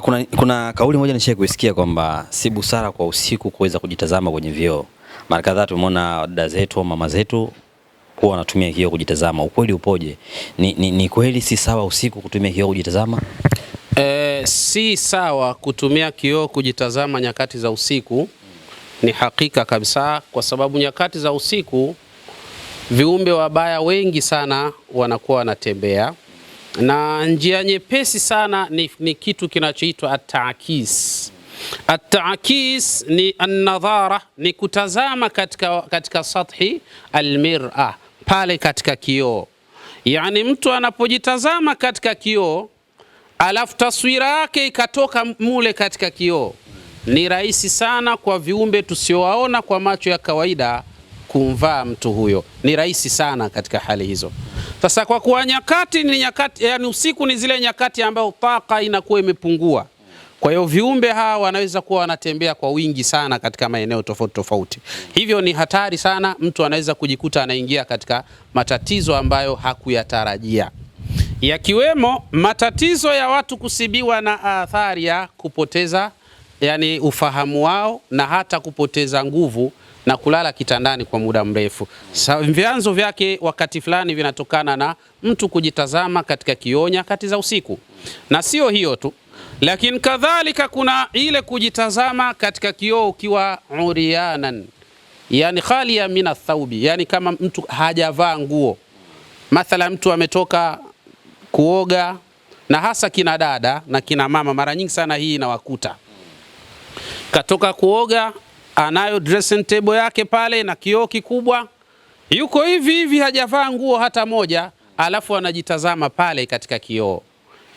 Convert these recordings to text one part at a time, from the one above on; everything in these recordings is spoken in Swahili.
Kuna, kuna kauli moja nishai kuisikia kwamba si busara kwa usiku kuweza kujitazama kwenye vioo. Mara kadhaa tumeona dada zetu au mama zetu kuwa wanatumia kioo kujitazama. Ukweli upoje? Ni, ni, ni kweli si sawa usiku kutumia kioo kujitazama? E, si sawa kutumia kioo kujitazama nyakati za usiku, ni hakika kabisa, kwa sababu nyakati za usiku viumbe wabaya wengi sana wanakuwa wanatembea na njia nyepesi sana ni, ni kitu kinachoitwa ataakis. Ataakis ni anadhara, ni kutazama katika, katika sathi almira, pale katika kioo. Yani mtu anapojitazama katika kioo alafu taswira yake ikatoka mule katika kioo, ni rahisi sana kwa viumbe tusiowaona kwa macho ya kawaida kumvaa mtu huyo, ni rahisi sana katika hali hizo. Sasa kwa kuwa nyakati ni nyakati, yani usiku ni zile nyakati ambayo taka inakuwa imepungua, kwa hiyo viumbe hawa wanaweza kuwa wanatembea kwa wingi sana katika maeneo tofauti tofauti, hivyo ni hatari sana. Mtu anaweza kujikuta anaingia katika matatizo ambayo hakuyatarajia yakiwemo matatizo ya watu kusibiwa na athari ya kupoteza yani ufahamu wao na hata kupoteza nguvu na kulala kitandani kwa muda mrefu. Vyanzo vyake wakati fulani vinatokana na mtu kujitazama katika kioo nyakati za usiku, na sio hiyo tu, lakini kadhalika kuna ile kujitazama katika kioo ukiwa urianan, yani ya mina thaubi, yani kama mtu hajavaa nguo. Mathala mtu ametoka kuoga, na hasa kina dada na kina mama, mara nyingi sana hii inawakuta katoka kuoga anayo dressing table yake pale na kioo kikubwa, yuko hivi hivi, hajavaa nguo hata moja, alafu anajitazama pale katika kioo.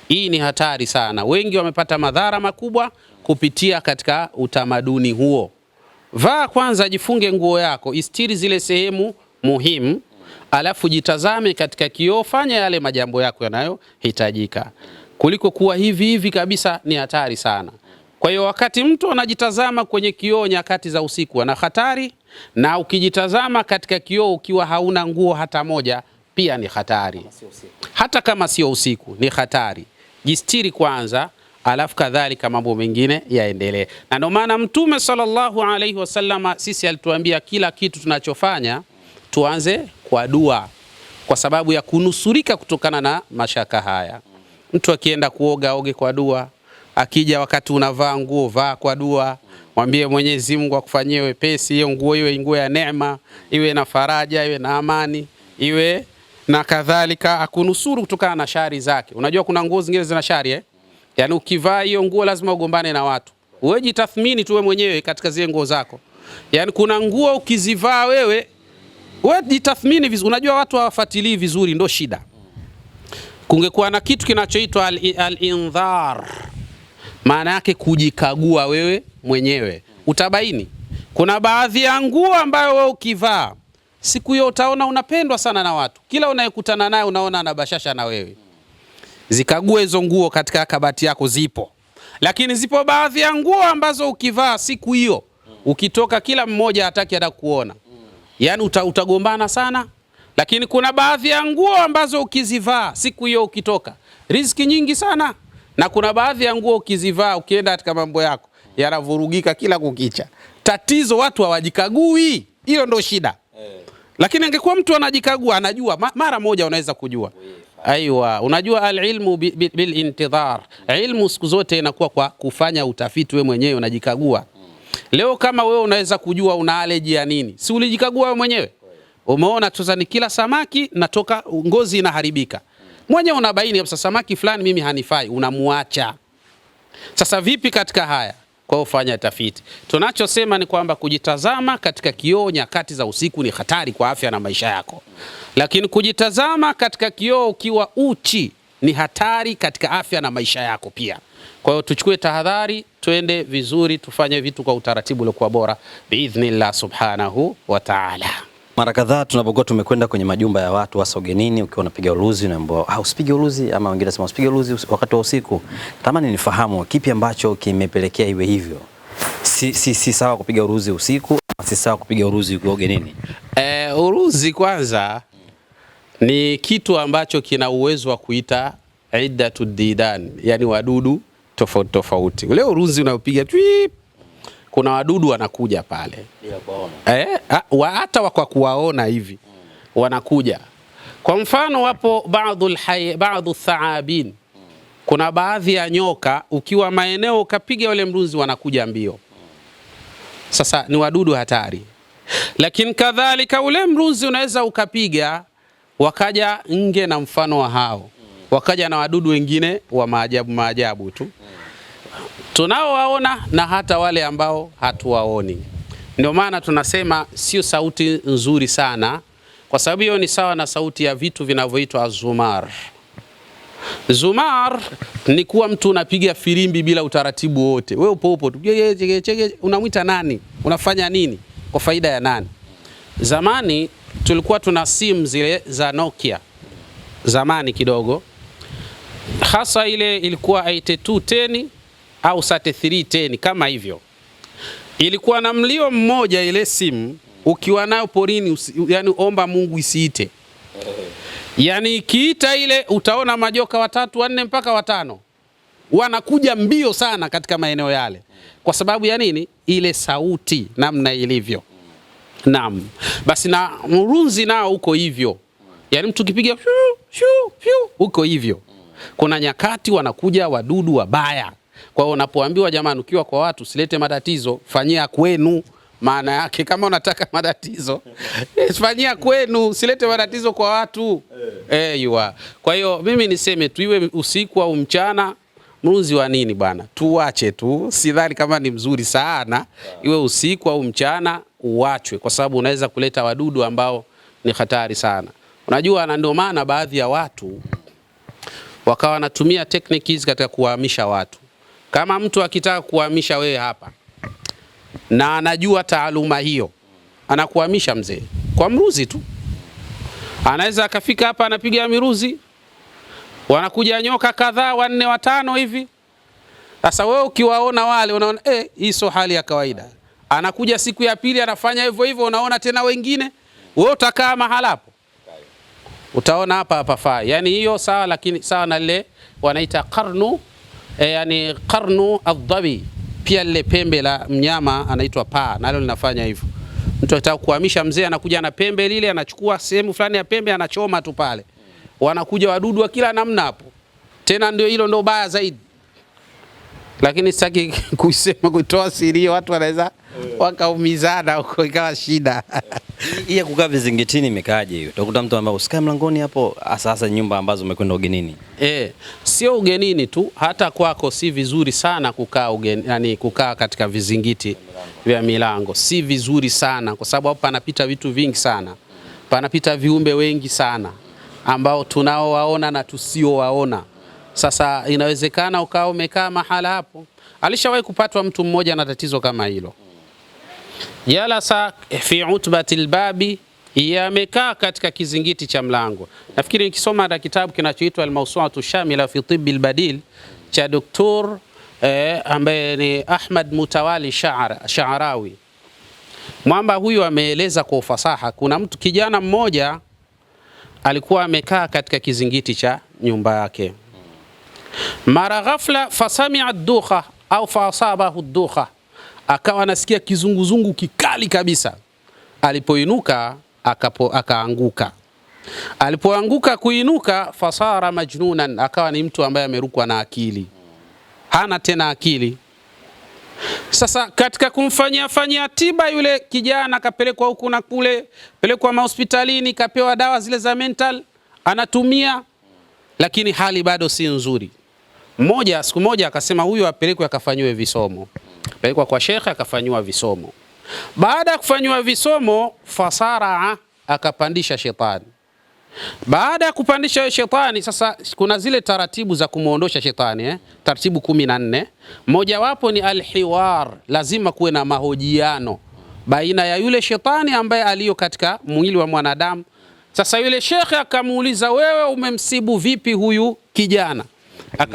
Hii ni hatari sana, wengi wamepata madhara makubwa kupitia katika utamaduni huo. Vaa kwanza, jifunge nguo yako, istiri zile sehemu muhimu, alafu jitazame katika kioo, fanya yale majambo yako yanayohitajika, kuliko kuwa hivi hivi kabisa, ni hatari sana. Kwa hiyo wakati mtu anajitazama kwenye kioo nyakati za usiku ana hatari, na ukijitazama katika kioo ukiwa hauna nguo hata moja pia ni hatari, hata kama sio usiku ni hatari. Jistiri kwanza, alafu kadhalika mambo mengine yaendelee. Na ndio maana Mtume sallallahu alaihi wasallam sisi alituambia kila kitu tunachofanya tuanze kwa dua, kwa sababu ya kunusurika kutokana na mashaka haya. Mtu akienda kuoga oge kwa dua akija wakati unavaa nguo, vaa kwa dua, mwambie Mwenyezi Mungu akufanyie wepesi hiyo nguo, iwe nguo ya neema, iwe na faraja, iwe na amani, iwe na kadhalika, akunusuru kutokana na shari zake. Unajua kuna nguo zingine zina shari eh? Yaani ukivaa hiyo nguo lazima ugombane na watu. Wewe jitathmini tu wewe mwenyewe katika zile nguo zako. Yaani kuna nguo ukizivaa wewe, wewe jitathmini vizuri. Unajua watu hawafuatilii vizuri, ndio shida. Kungekuwa na kitu kinachoitwa al-indhar al inzar al maana yake kujikagua wewe mwenyewe, utabaini kuna baadhi ya nguo ambayo wewe ukivaa siku hiyo utaona unapendwa sana na watu, kila unayekutana naye unaona ana bashasha na wewe. Zikague hizo nguo katika kabati yako, zipo. Lakini zipo baadhi ya nguo ambazo ukivaa siku hiyo, ukitoka, kila mmoja hataki hata kuona, yani uta, utagombana sana. Lakini kuna baadhi ya nguo ambazo ukizivaa siku hiyo, ukitoka, riziki nyingi sana na kuna baadhi ya nguo ukizivaa ukienda katika mambo yako yanavurugika kila kukicha. Tatizo watu hawajikagui, hiyo ndo shida eh. Lakini angekuwa mtu anajikagua anajua ma, mara moja unaweza kujua Aiwa, unajua alilmu bilintidhar bil ilmu siku zote inakuwa kwa kufanya utafiti, we mwenyewe unajikagua. Leo kama wewe unaweza kujua una aleji ya nini, si ulijikagua wewe mwenyewe? Umeona tuzani kila samaki natoka ngozi inaharibika mwenye unabaini kabisa samaki fulani mimi hanifai, unamuacha. Sasa vipi katika haya? Kwa hiyo fanya tafiti. Tunachosema ni kwamba kujitazama katika kioo nyakati za usiku ni hatari kwa afya na maisha yako, lakini kujitazama katika kioo ukiwa uchi ni hatari katika afya na maisha yako pia. Kwa hiyo tuchukue tahadhari, twende vizuri, tufanye vitu kwa utaratibu uliokuwa bora biidhnillah subhanahu wa ta'ala. Mara kadhaa tunapokuwa tumekwenda kwenye majumba ya watu hasa ugenini, ukiwa unapiga uluzi naambiwa ah, usipige uluzi, ama wengine wanasema usipige uluzi wakati wa usiku. Tamani nifahamu kipi ambacho kimepelekea iwe hivyo. Si, si, si sawa kupiga uruzi usiku, si sawa kupiga uluzi ukiwa ugenini. Eh, uluzi kwanza ni kitu ambacho kina uwezo wa kuita idatu didan, yani wadudu tofauti tofauti. Ule uruzi unaopiga twip kuna wadudu wanakuja pale eh, hata kwa kuwaona hivi mm. wanakuja kwa mfano, wapo baadhi thaabin mm. kuna baadhi ya nyoka, ukiwa maeneo ukapiga wale mruzi wanakuja mbio mm. Sasa ni wadudu hatari, lakini kadhalika ule mruzi unaweza ukapiga wakaja nge na mfano wa hao mm. wakaja na wadudu wengine wa maajabu maajabu tu mm tunaowaona na hata wale ambao hatuwaoni. Ndio maana tunasema sio sauti nzuri sana, kwa sababu hiyo ni sawa na sauti ya vitu vinavyoitwa zumar. Zumar ni kuwa mtu unapiga firimbi bila utaratibu wote, wewe upo upo, unamwita nani? Unafanya nini? Kwa faida ya nani? Zamani tulikuwa tuna simu zile za Nokia, zamani kidogo, hasa ile ilikuwa 8210 au sate 310 kama hivyo. Ilikuwa na mlio mmoja ile simu ukiwa nayo porini usi, yani omba Mungu isiite. yani ikiita ile utaona majoka watatu wanne mpaka watano wanakuja mbio sana katika maeneo yale. Kwa sababu ya nini? Ile sauti namna ilivyo. Naam. Basi na murunzi nao huko hivyo. yani mtu ukipiga shu shu shu huko hivyo. Kuna nyakati wanakuja wadudu wabaya kwa hiyo unapoambiwa jamani, ukiwa kwa watu silete matatizo, fanyia kwenu. Maana yake kama unataka matatizo eh, fanyia kwenu, silete matatizo kwa watu eh, eh yua. Kwa hiyo mimi niseme tu, iwe usiku au mchana mruzi wa nini bwana, tuwache tu. Sidhani kama ni mzuri sana, ah. iwe usiku au mchana, uwachwe kwa sababu unaweza kuleta wadudu ambao ni hatari sana, unajua. Na ndio maana baadhi ya watu wakawa wanatumia techniques katika kuwahamisha watu. Kama mtu akitaka kuhamisha wewe hapa na anajua taaluma hiyo, anakuhamisha mzee kwa mruzi tu. Anaweza akafika hapa anapiga miruzi, wanakuja nyoka kadhaa wanne watano hivi. Sasa wewe ukiwaona wale unaona eh, hii sio hali ya kawaida. Anakuja siku ya pili anafanya hivyo hivyo, unaona tena wengine. Wewe utakaa mahala hapo, utaona hapa hapa Yani hiyo sawa, lakini sawa na lile wanaita karnu e, yani qarnu adhabi, pia lile pembe la mnyama anaitwa paa, nalo linafanya hivyo. Mtu anataka kuhamisha mzee, anakuja na pembe lile, anachukua sehemu fulani ya pembe, anachoma tu pale, wanakuja wadudu wa kila namna hapo. Tena ndio hilo ndio baya zaidi, lakini sitaki kusema kutoa siri, watu wanaweza Eh. wakaumizana huko, ikawa shida. Hii ya kukaa vizingitini imekaaje hiyo? Utakuta mtu ambaye usikae mlangoni hapo, hasa hasa nyumba ambazo umekwenda ugenini. E, sio ugenini tu, hata kwako si vizuri sana kukaa ugeni, yani kukaa katika vizingiti vya milango si vizuri sana, kwa sababu hapo panapita vitu vingi sana, panapita viumbe wengi sana ambao tunaowaona na tusiowaona. Sasa inawezekana ukawa umekaa mahala hapo. Alishawahi kupatwa mtu mmoja na tatizo kama hilo. Jalasa fi utbati lbabi, yamekaa katika kizingiti cha mlango. Nafikiri nikisoma na kitabu kinachoitwa Almausuatu Shamila fi Tibi Lbadil cha Doktor eh, ambaye ni Ahmad Mutawali Shaarawi mwamba huyu ameeleza kwa ufasaha. Kuna mtu kijana mmoja alikuwa amekaa katika kizingiti cha nyumba yake, mara ghafla fasamia dukha au faasabahu dukha akawa anasikia kizunguzungu kikali kabisa. Alipoinuka akapo, akaanguka. Alipoanguka kuinuka, fasara majnunan, akawa ni mtu ambaye amerukwa na akili, hana tena akili. Sasa katika kumfanyia fanyia tiba yule kijana, kapelekwa huku na kule, pelekwa mahospitalini, kapewa dawa zile za mental, anatumia lakini hali bado si nzuri. Mmoja siku moja akasema huyu apelekwe akafanyiwe visomo. Pelekwa kwa shekhe akafanywa visomo. Baada ya kufanywa visomo, fasaraa akapandisha shetani. Baada ya kupandisha shetani, sasa kuna zile taratibu za kumwondosha shetani eh? Taratibu kumi na nne, mojawapo ni alhiwar. Lazima kuwe na mahojiano baina ya yule shetani ambaye aliyo katika mwili wa mwanadamu. Sasa yule shekhe akamuuliza, wewe umemsibu vipi huyu kijana?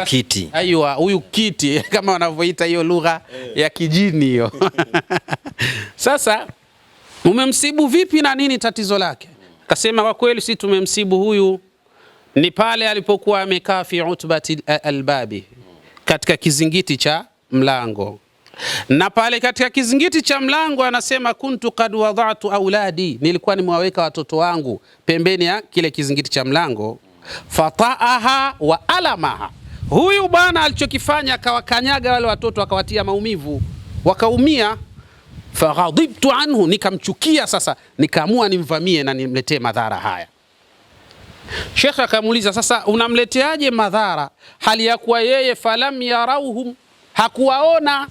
kiti. Aiwa, huyu kiti kama wanavyoita hiyo lugha yeah. ya kijini hiyo sasa umemsibu vipi na nini tatizo lake? Akasema kwa kweli si tumemsibu huyu ni pale alipokuwa amekaa fi utbati albabi, katika kizingiti cha mlango. Na pale katika kizingiti cha mlango anasema kuntu kad wadhatu auladi, nilikuwa nimewaweka watoto wangu pembeni ya kile kizingiti cha mlango, fataaha wa alamaha Huyu bwana alichokifanya akawakanyaga wale watoto akawatia maumivu, wakaumia. faghadibtu anhu, nikamchukia. Sasa nikaamua nimvamie na nimletee madhara haya. Shekhe akamuuliza, sasa unamleteaje madhara hali ya kuwa yeye falam yarauhum, hakuwaona.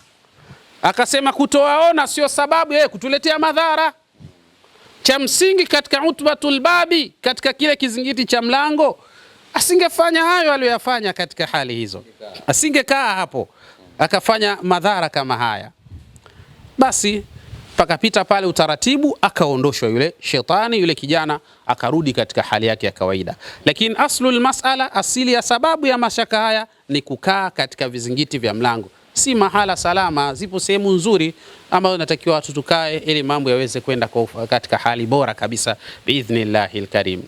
Akasema kutowaona sio sababu yeye kutuletea madhara. Cha msingi katika utbatul babi, katika kile kizingiti cha mlango asingefanya hayo aliyoyafanya katika hali hizo, asingekaa hapo akafanya madhara kama haya. Basi pakapita pale utaratibu, akaondoshwa yule shetani, yule kijana akarudi katika hali yake ya kawaida. Lakini aslul masala, asili ya sababu ya mashaka haya ni kukaa katika vizingiti vya mlango, si mahala salama. Zipo sehemu nzuri ambayo natakiwa watu tukae, ili mambo yaweze kwenda katika hali bora kabisa biidhnillahi lkarim.